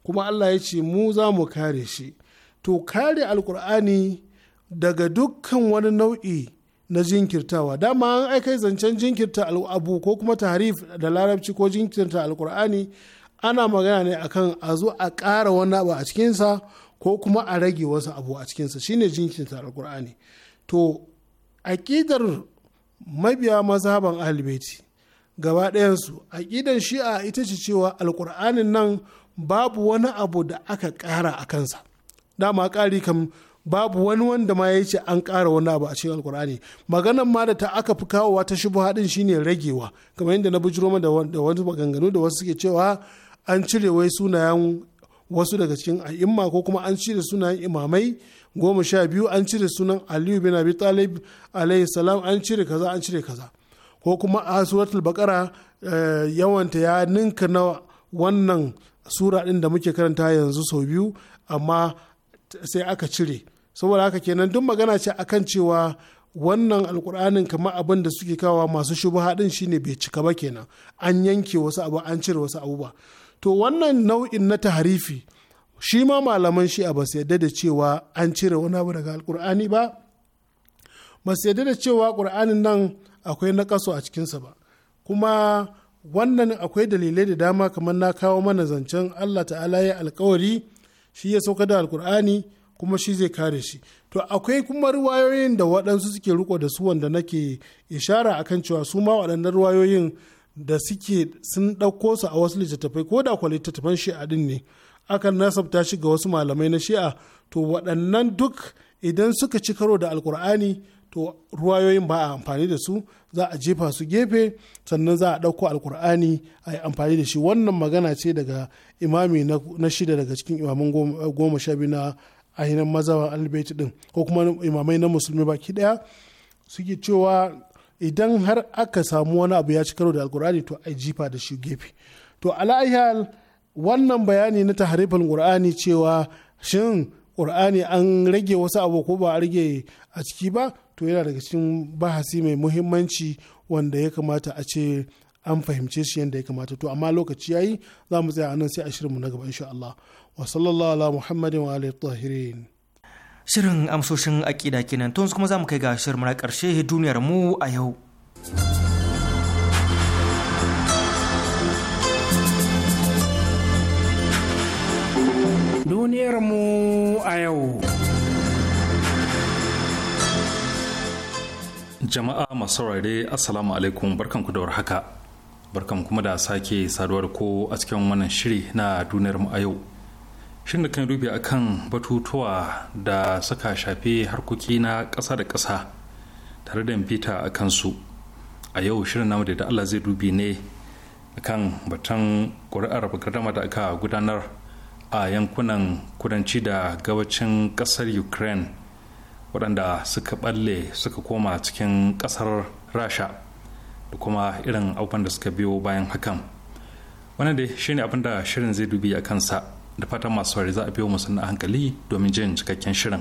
kuma Allah ya ce mu za mu kare shi to kare alkur'ani daga dukkan wani nau'i na jinkirtawa dama an aikai zancen jinkirta abu ko kuma tarif da larabci ko jinkirta alkur'ani ana magana ne akan a zo a ƙara wani abu a cikinsa ko kuma a rage wasu abu a cikinsa shine jinkirta alkur'ani to aƙidar mabiya mazhaban ahlibaiti gaba ɗayansu aƙidar shi'a ita ce cewa alƙur'anin nan babu wani abu da aka ƙara a kansa dama ƙari kam babu wani wanda ma ya ce an ƙara wani abu a cikin alƙur'ani maganan ma da ta aka fi kawowa ta shubu haɗin shine ragewa kamar yadda na ma da wani maganganu da wasu suke cewa an cire wai sunayen wasu daga cikin a'imma ko kuma an cire sunayen imamai goma sha biyu an cire sunan aliyu bin abi talib alayhi salam an cire kaza an cire kaza ko kuma a suratul bakara eh, yawanta ya ninka na wannan sura ɗin da muke karanta yanzu sau biyu amma sai aka cire saboda haka kenan duk magana ce akan cewa wannan alkur'anin kamar abin da suke kawa masu shubha din shine bai cika ba kenan an yanke wasu abu an cire wasu abu ba to wannan nau'in na taharifi shi ma malaman shi ba su yadda da cewa an cire wani abu daga alkur'ani ba ba su yadda da cewa alkur'anin nan akwai nakasu a cikinsa ba kuma wannan akwai dalilai da dama kamar na kawo mana zancen allah ta'ala ya alkawari shi ya sauka da alkur'ani kuma shi zai kare shi to akwai kuma ruwayoyin da waɗansu suke riko da su wanda nake ishara akan cewa su ma waɗannan ruwayoyin da suke sun ɗauko su a wasu littattafai ko da kwa littattafan shi'a din ne akan nasabta shi ga wasu malamai na shi'a to waɗannan duk idan suka ci karo da alkur'ani to ruwayoyin ba a amfani da su za a jefa su gefe sannan za a ɗauko alkur'ani a yi amfani da shi wannan magana ce daga imami na shida daga cikin imamin goma sha biyu na ainihin mazaban albaiti din ko kuma imamai na musulmi baki ɗaya suke cewa idan har aka samu wani abu ya ci karo da alkur'ani to a jifa da shi gefe to ala'ayyal wannan bayani na taharifin qur'ani cewa shin qur'ani an rage wasu abu ko ba a rage a ciki ba to yana daga cikin bahasi mai muhimmanci wanda ya kamata a ce an fahimce shi yadda ya kamata to amma lokaci yayi za mu tsaya anan sai a shirinmu na gaba insha Allah wa sallallahu ala muhammadin wa alihi tahirin shirin amsoshin akida kenan to kuma za mu kai ga shirin na karshe duniyar mu a yau duniyar mu a yau jama'a masu saurare assalamu alaikum barkanku da haka barkan kuma da sake saduwar da ko a cikin wannan shiri na duniyar mu a yau shin da kan dubi akan batutuwa da suka shafe harkoki na ƙasa da ƙasa tare da bita a kansu a yau shirin namu da Allah zai dubi ne akan batun ƙuri'ar bakardama da aka gudanar a yankunan kudanci da gabacin ƙasar ukraine waɗanda suka ɓalle suka koma cikin ƙasar rasha da kuma irin abubuwan da suka biyo bayan hakan wani dai shine abin da shirin zai dubi a kansa da fatan masu sauri za a biyo musu na hankali domin jin cikakken shirin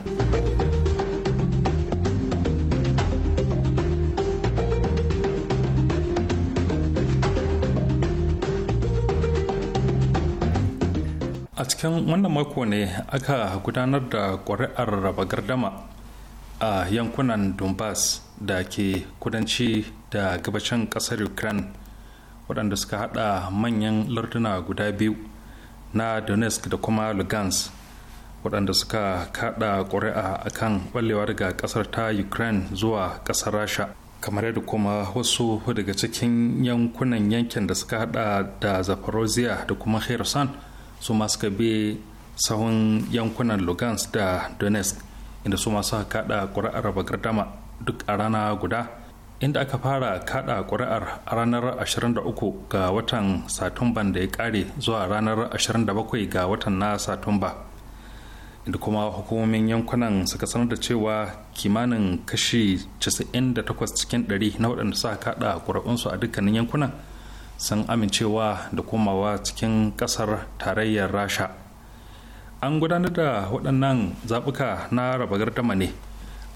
a cikin wannan mako ne aka gudanar da ƙuri'ar raba gardama a yankunan donbass da ke kudanci da gabashin kasar ukraine waɗanda suka hada manyan larduna guda biyu na donetsk da kuma lugans waɗanda suka kaɗa ƙuri'a akan ɓallewa daga ƙasar ta ukraine zuwa ƙasar rasha kamar yadda kuma wasu daga cikin yankunan yankin da suka hada da zaporozhia da kuma kherson su ma suka bi sahun yankunan lugans da donetsk inda su masu kaɗa ƙuri'ar bagardama duk a rana guda inda aka fara kaɗa ƙuri'ar a ranar 23 ga watan satumban da ya ƙare zuwa ranar 27 ga watan na satumba inda kuma hukumomin yankunan suka sanar da cewa kimanin kashi 98 cikin 100 na waɗanda suka kaɗa ƙuri'unsu a dukkanin yankunan sun amincewa da komawa cikin ƙasar tarayyar rasha an gudanar da waɗannan zaɓuka na raba gardama ne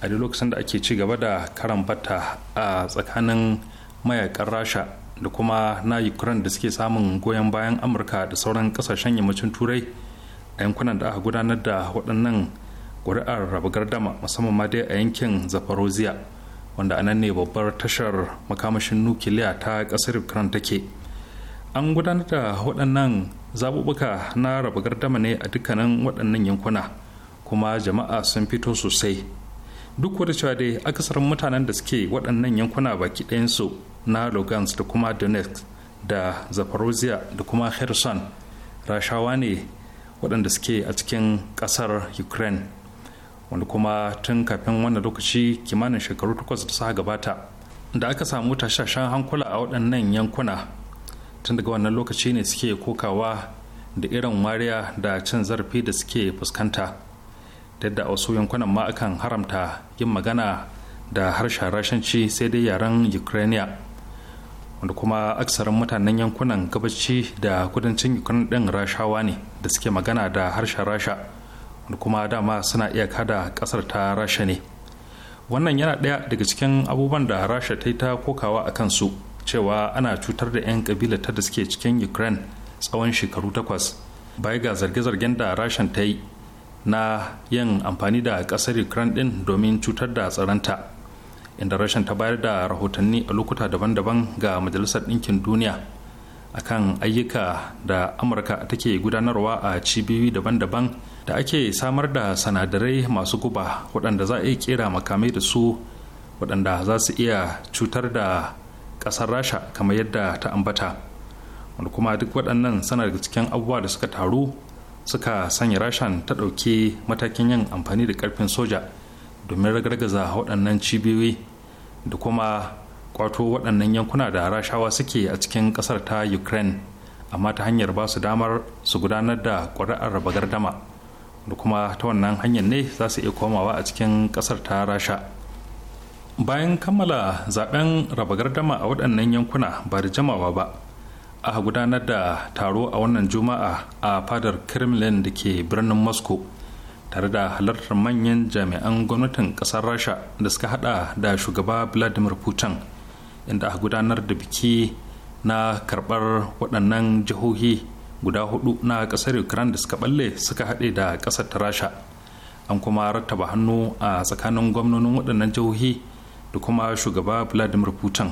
a duk lokacin da ake ci gaba da karan fata a tsakanin mayakan rasha da kuma na ukraine da suke samun goyon bayan amurka da sauran ƙasashen yammacin turai a yankunan da aka gudanar da waɗannan ƙuri'ar raba gardama musamman ma dai a yankin zafarozia wanda anan ne babbar tashar makamashin nukiliya ta ƙasar ukraine take an gudanar da waɗannan zabubuka na raba gardama ne a dukkanin waɗannan yankuna kuma jama'a sun fito sosai duk wata cewa dai akasarin mutanen da suke waɗannan yankuna baki ɗayansu na logans da kuma donetsk da zaporozhia da kuma kherson rashawa ne waɗanda suke a cikin ƙasar ukraine wanda kuma tun kafin wannan lokaci kimanin shekaru takwas da suka gabata da aka samu tashashen hankula a waɗannan yankuna tun daga wannan lokaci ne suke kokawa da irin wariya da cin zarafi da suke fuskanta yadda da wasu yankunan ma akan haramta yin magana da harshen rashanci sai dai yaren ukraine wanda kuma aksarin mutanen yankunan gabaci da kudancin ukraine din rashawa ne da suke magana da harshen rasha wanda kuma dama suna iya kada kasar ta rasha ne wannan yana ɗaya daga cikin abubuwan da rasha ta yi ta kokawa a kansu cewa ana cutar da 'yan kabila ta da suke cikin ukraine tsawon shekaru takwas baya ga zarge-zargen da rashin ta yi na yin amfani da kasar ukraine din domin cutar da tsaranta inda rashin ta bayar da rahotanni a lokuta daban-daban ga majalisar ɗinkin duniya akan ayyuka da amurka take gudanarwa a cibiyoyi daban-daban da ake samar da sanadarai masu guba waɗanda za a iya kera makamai da su waɗanda za su iya cutar da kasar rasha kamar yadda ta ambata wanda kuma duk waɗannan sana daga cikin abubuwa da suka taru suka sanya rashan ta ɗauki matakin yin amfani da ƙarfin soja domin ragargaza waɗannan cibiyoyi da kuma kwato waɗannan yankuna da rashawa suke a cikin ƙasar ta ukraine amma ta hanyar ba su damar su gudanar da ƙuri'ar raba gardama da kuma ta wannan hanyar ne za su iya komawa a cikin ƙasar ta rasha bayan kammala zaben raba gardama a waɗannan yankuna ba da jamawa ba a gudanar da taro a wannan juma'a a fadar kremlin da ke birnin moscow tare da halartar manyan jami'an gwamnatin ƙasar rasha da suka hada da shugaba vladimir putin inda aka gudanar da biki na karɓar waɗannan jihohi guda hudu na ƙasar ukraine da suka balle suka haɗe da ƙasar ta rasha an kuma rattaba hannu a tsakanin gwamnonin waɗannan jihohi da kuma shugaba vladimir putin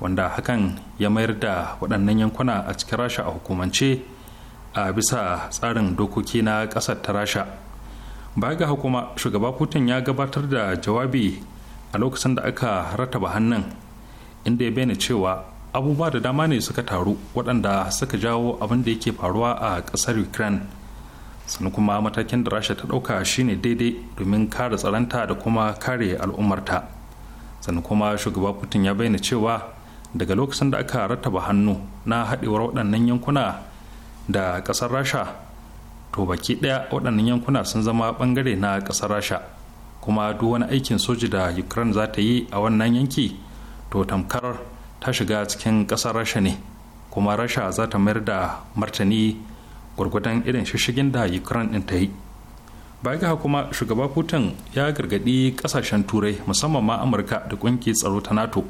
wanda hakan ya mayar da waɗannan yankuna a cikin rasha a hukumance a bisa tsarin dokoki na ƙasar ta rasha baya ga hukuma shugaba putin ya gabatar da jawabi a lokacin da aka rataba hannun inda ya bayyana cewa abubuwa da dama ne suka taru waɗanda suka jawo abin da yake faruwa a ƙasar ukraine sannan kuma matakin da rasha ta ɗauka shine daidai domin kare tsaranta da kuma kare al'ummarta sannan kuma shugaba putin ya bayyana cewa daga lokacin da aka rattaba hannu na haɗewar waɗannan yankuna da ƙasar rasha to baki ɗaya waɗannan yankuna sun zama ɓangare na ƙasar rasha kuma duk wani aikin soji da ukraine za ta yi a wannan yanki to tamkar ta shiga cikin ƙasar rasha ne kuma rasha za ta mayar da martani gwargwadon irin shishigin da ukraine ɗin ta yi baya ga kuma shugaba putin ya gargadi kasashen turai musamman ma amurka da kungiyar tsaro ta nato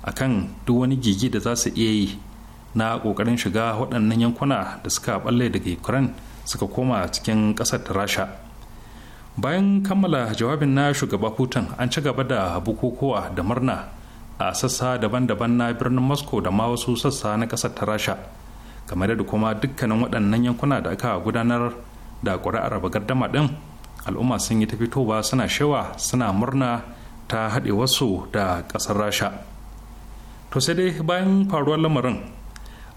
a kan duk wani gigi da za su iya yi na kokarin shiga waɗannan yankuna da suka balle daga ukraine suka koma cikin ƙasar ta rasha bayan kammala jawabin na shugaba putin an ci gaba da bukukuwa da murna a sassa daban-daban na birnin moscow da ma wasu sassa na ƙasar ta rasha kamar da kuma dukkanin waɗannan yankuna da aka gudanar da ƙuri'ar raba gardama ɗin al'umma sun yi ta fitowa suna shewa suna murna ta haɗe wasu da ƙasar rasha to sai dai bayan faruwar lamarin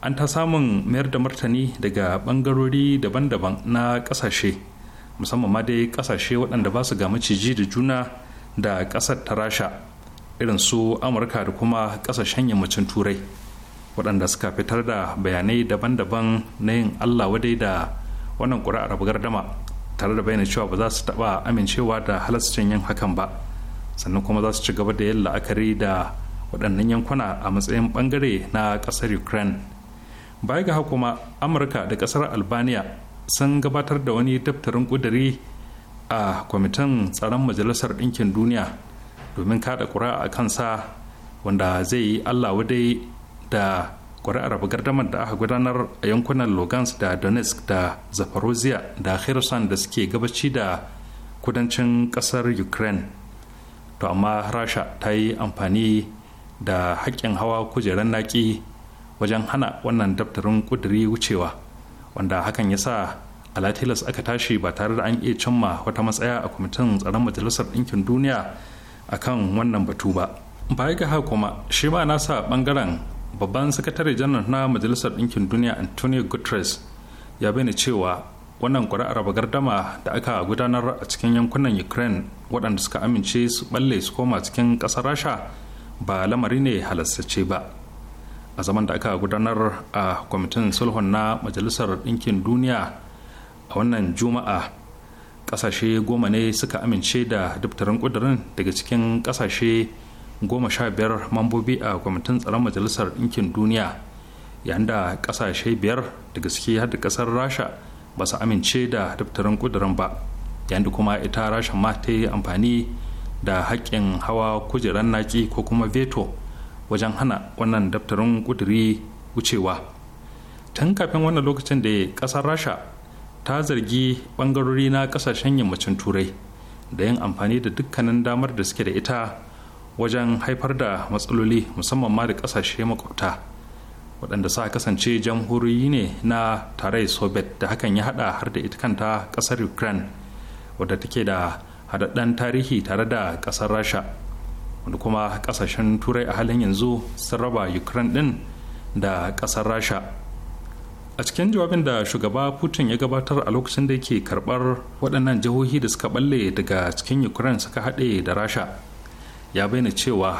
an ta samun mayar da martani daga ɓangarori daban-daban na ƙasashe musamman ma dai ƙasashe waɗanda ba su ga maciji da juna da ƙasar ta rasha irin su amurka da kuma ƙasashen yammacin turai waɗanda suka fitar da bayanai daban-daban na yin allah wadai da wannan kuri'ar bugar dama tare da bayyana cewa ba za su taɓa amincewa da halascin yin hakan ba sannan kuma za su ci gaba da yin la'akari da waɗannan yankuna a matsayin ɓangare na ƙasar ukraine baya ga kuma amurka da ƙasar albania sun gabatar da wani daftarin ƙudiri a kwamitin tsaron majalisar ɗinkin duniya domin kaɗa ƙuri'a a kansa wanda zai yi allah wadai da ƙuri'ar gardamar da aka gudanar a yankunan logans da donetsk da zaporozhia da kherson da suke gabaci da kudancin ƙasar ukraine to amma rasha ta yi amfani da haƙƙin hawa kujerar naƙi wajen hana wannan daftarin ƙuduri wucewa wanda hakan ya sa alatilas aka tashi ba tare da an iya cimma wata matsaya a kwamitin tsaron majalisar ɗinkin duniya akan wannan batu ba baya ga haka kuma shi ma nasa ɓangaren babban sakatare janar na majalisar ɗinkin duniya antonio guterres ya bayyana cewa wannan ƙuri'ar bagardama da aka gudanar a cikin yankunan ukraine waɗanda suka amince su balle su koma cikin ƙasar rasha ba lamari ne halastace ba a zaman da aka gudanar a kwamitin sulhun na majalisar ɗinkin duniya a wannan juma'a ƙasashe goma ne suka amince da daftarin ƙudurin daga cikin ƙasashe goma sha biyar mambobi a kwamitin tsaron majalisar ɗinkin duniya yayin da ƙasashe biyar da gaske har ƙasar rasha ba su amince da daftarin ƙudurin ba yayin da kuma ita rasha ma ta yi amfani da haƙƙin hawa kujeran naƙi ko kuma veto wajen hana wannan daftarin ƙuduri wucewa tun kafin wannan lokacin da ƙasar rasha ta zargi ɓangarori na ƙasashen yammacin turai da yin amfani da dukkanin damar da suke da ita wajen haifar da matsaloli musamman ma da ƙasashe makwabta waɗanda sa kasance jamhuriyi ne na tarayyar soviet da hakan ya haɗa har da ita kanta ƙasar ukraine wadda take da haɗaɗɗen tarihi tare da ƙasar rasha wanda kuma ƙasashen turai a halin yanzu sun raba ukraine ɗin da ƙasar rasha a cikin jawabin da shugaba putin ya gabatar a lokacin da yake karɓar waɗannan jihohi da suka balle daga cikin ukraine suka haɗe da rasha ya bayyana cewa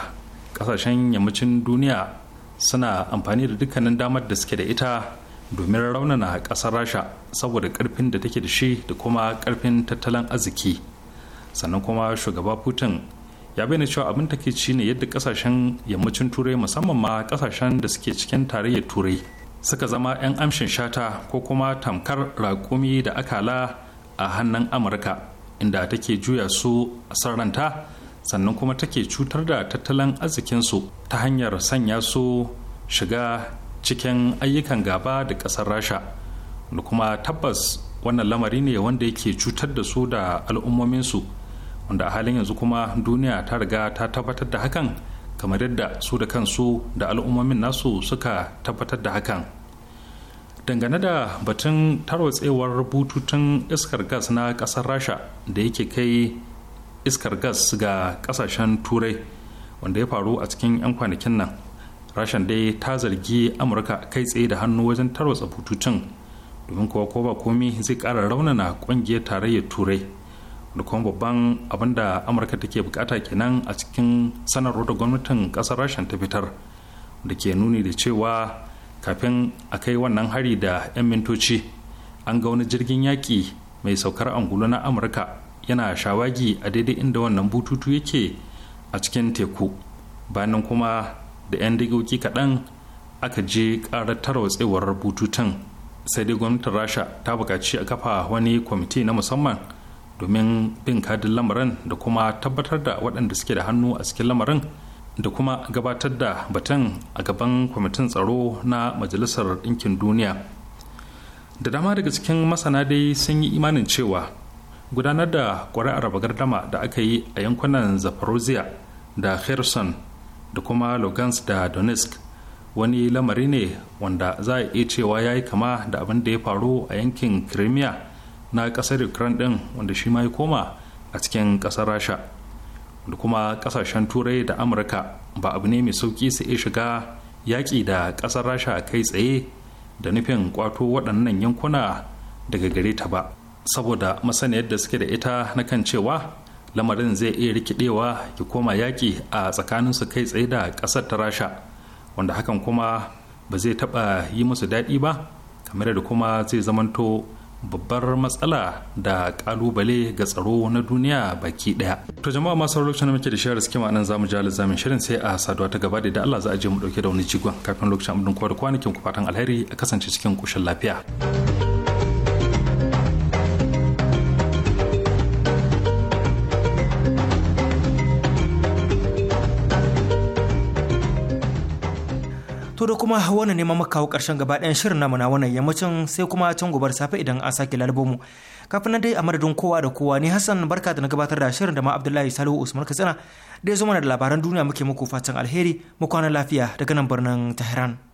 kasashen yammacin duniya suna amfani da dukkanin damar da suke da ita domin raunana kasar rasha saboda karfin da take da shi da kuma karfin tattalin arziki sannan kuma shugaba putin ya bayyana cewa abin take ci ne yadda kasashen yammacin turai musamman ma kasashen da suke cikin tarayyar turai suka zama 'yan amshin shata ko kuma tamkar raƙumi da akala a hannun amurka inda take juya su a sarranta sannan kuma take cutar da tattalin arzikinsu ta hanyar sanya su shiga cikin ayyukan gaba da ƙasar rasha da kuma tabbas wannan lamari ne wanda yake cutar da su da al'ummominsu wanda a halin yanzu kuma duniya ta riga ta tabbatar da hakan kamar yadda su da kansu da al'ummomin nasu suka tabbatar da hakan dangane da batun tarwatsewar bututun iskar gas na ƙasar rasha da yake kai iskar gas ga kasashen turai wanda ya faru a cikin 'yan kwanakin nan rashin dai ta zargi amurka kai tsaye da hannu wajen tarwatsa bututun domin kuwa ko ba komi zai kara raunana kungiyar tarayyar turai da kuma babban abin da amurka take bukata kenan a cikin sanarwar da gwamnatin kasar rashin ta fitar da ke nuni da cewa kafin a kai wannan hari da 'yan mintoci an ga wani jirgin yaƙi mai saukar angulu na amurka yana shawagi a daidai inda wannan bututu yake a cikin teku bayan kuma da 'yan dagoki kaɗan aka je ƙarar tarwatsewar bututun sai dai gwamnatin rasha ta buƙaci a kafa wani kwamiti na musamman domin bin kadin lamarin da kuma tabbatar da waɗanda suke da hannu a cikin lamarin da kuma gabatar da batun a gaban kwamitin tsaro na majalisar ɗinkin duniya da dama daga cikin masana dai sun yi imanin cewa gudanar da ƙuri'ar bagardama da aka yi a yankunan zaporozhia da kherson da kuma lugansk da donetsk wani lamari ne wanda za a iya cewa ya yi kama da abin da ya faru a yankin crimea na kasar ukraine din wanda shi ma ya koma a cikin kasar rasha da kuma kasashen turai da amurka ba abu ne mai sauki su iya shiga yaƙi da kasar rasha kai tsaye da nufin ƙwato waɗannan yankuna daga gare ta ba saboda masaniyar da suke da ita na kan cewa lamarin zai iya rikidewa ya koma yaƙi a tsakanin su kai tsaye da ƙasar ta rasha wanda hakan kuma ba zai taɓa yi musu daɗi ba kamar da kuma zai zamanto babbar matsala da ƙalubale ga tsaro na duniya baki daya to jama'a masu lokacin da muke da shirin sikima nan zamu ji alizamin shirin sai a saduwa ta gaba da da Allah za a je mu dauke da wani jigon kafin lokacin abin kowa da kwanakin ku fatan alheri a kasance cikin kushin lafiya To da kuma wannan neman makawo karshen gaba ɗayan shirin namu na wannan yammacin sai kuma can gobar safe idan an sake lalbomu. Kafin nan dai a madadin kowa da kowa ne Hassan barka da na gabatar da shirin da ma Abdullahi Salihu Usman Katsina da ya zo mana da labaran duniya muke muku fatan alheri mu kwana lafiya daga nan birnin Tehran.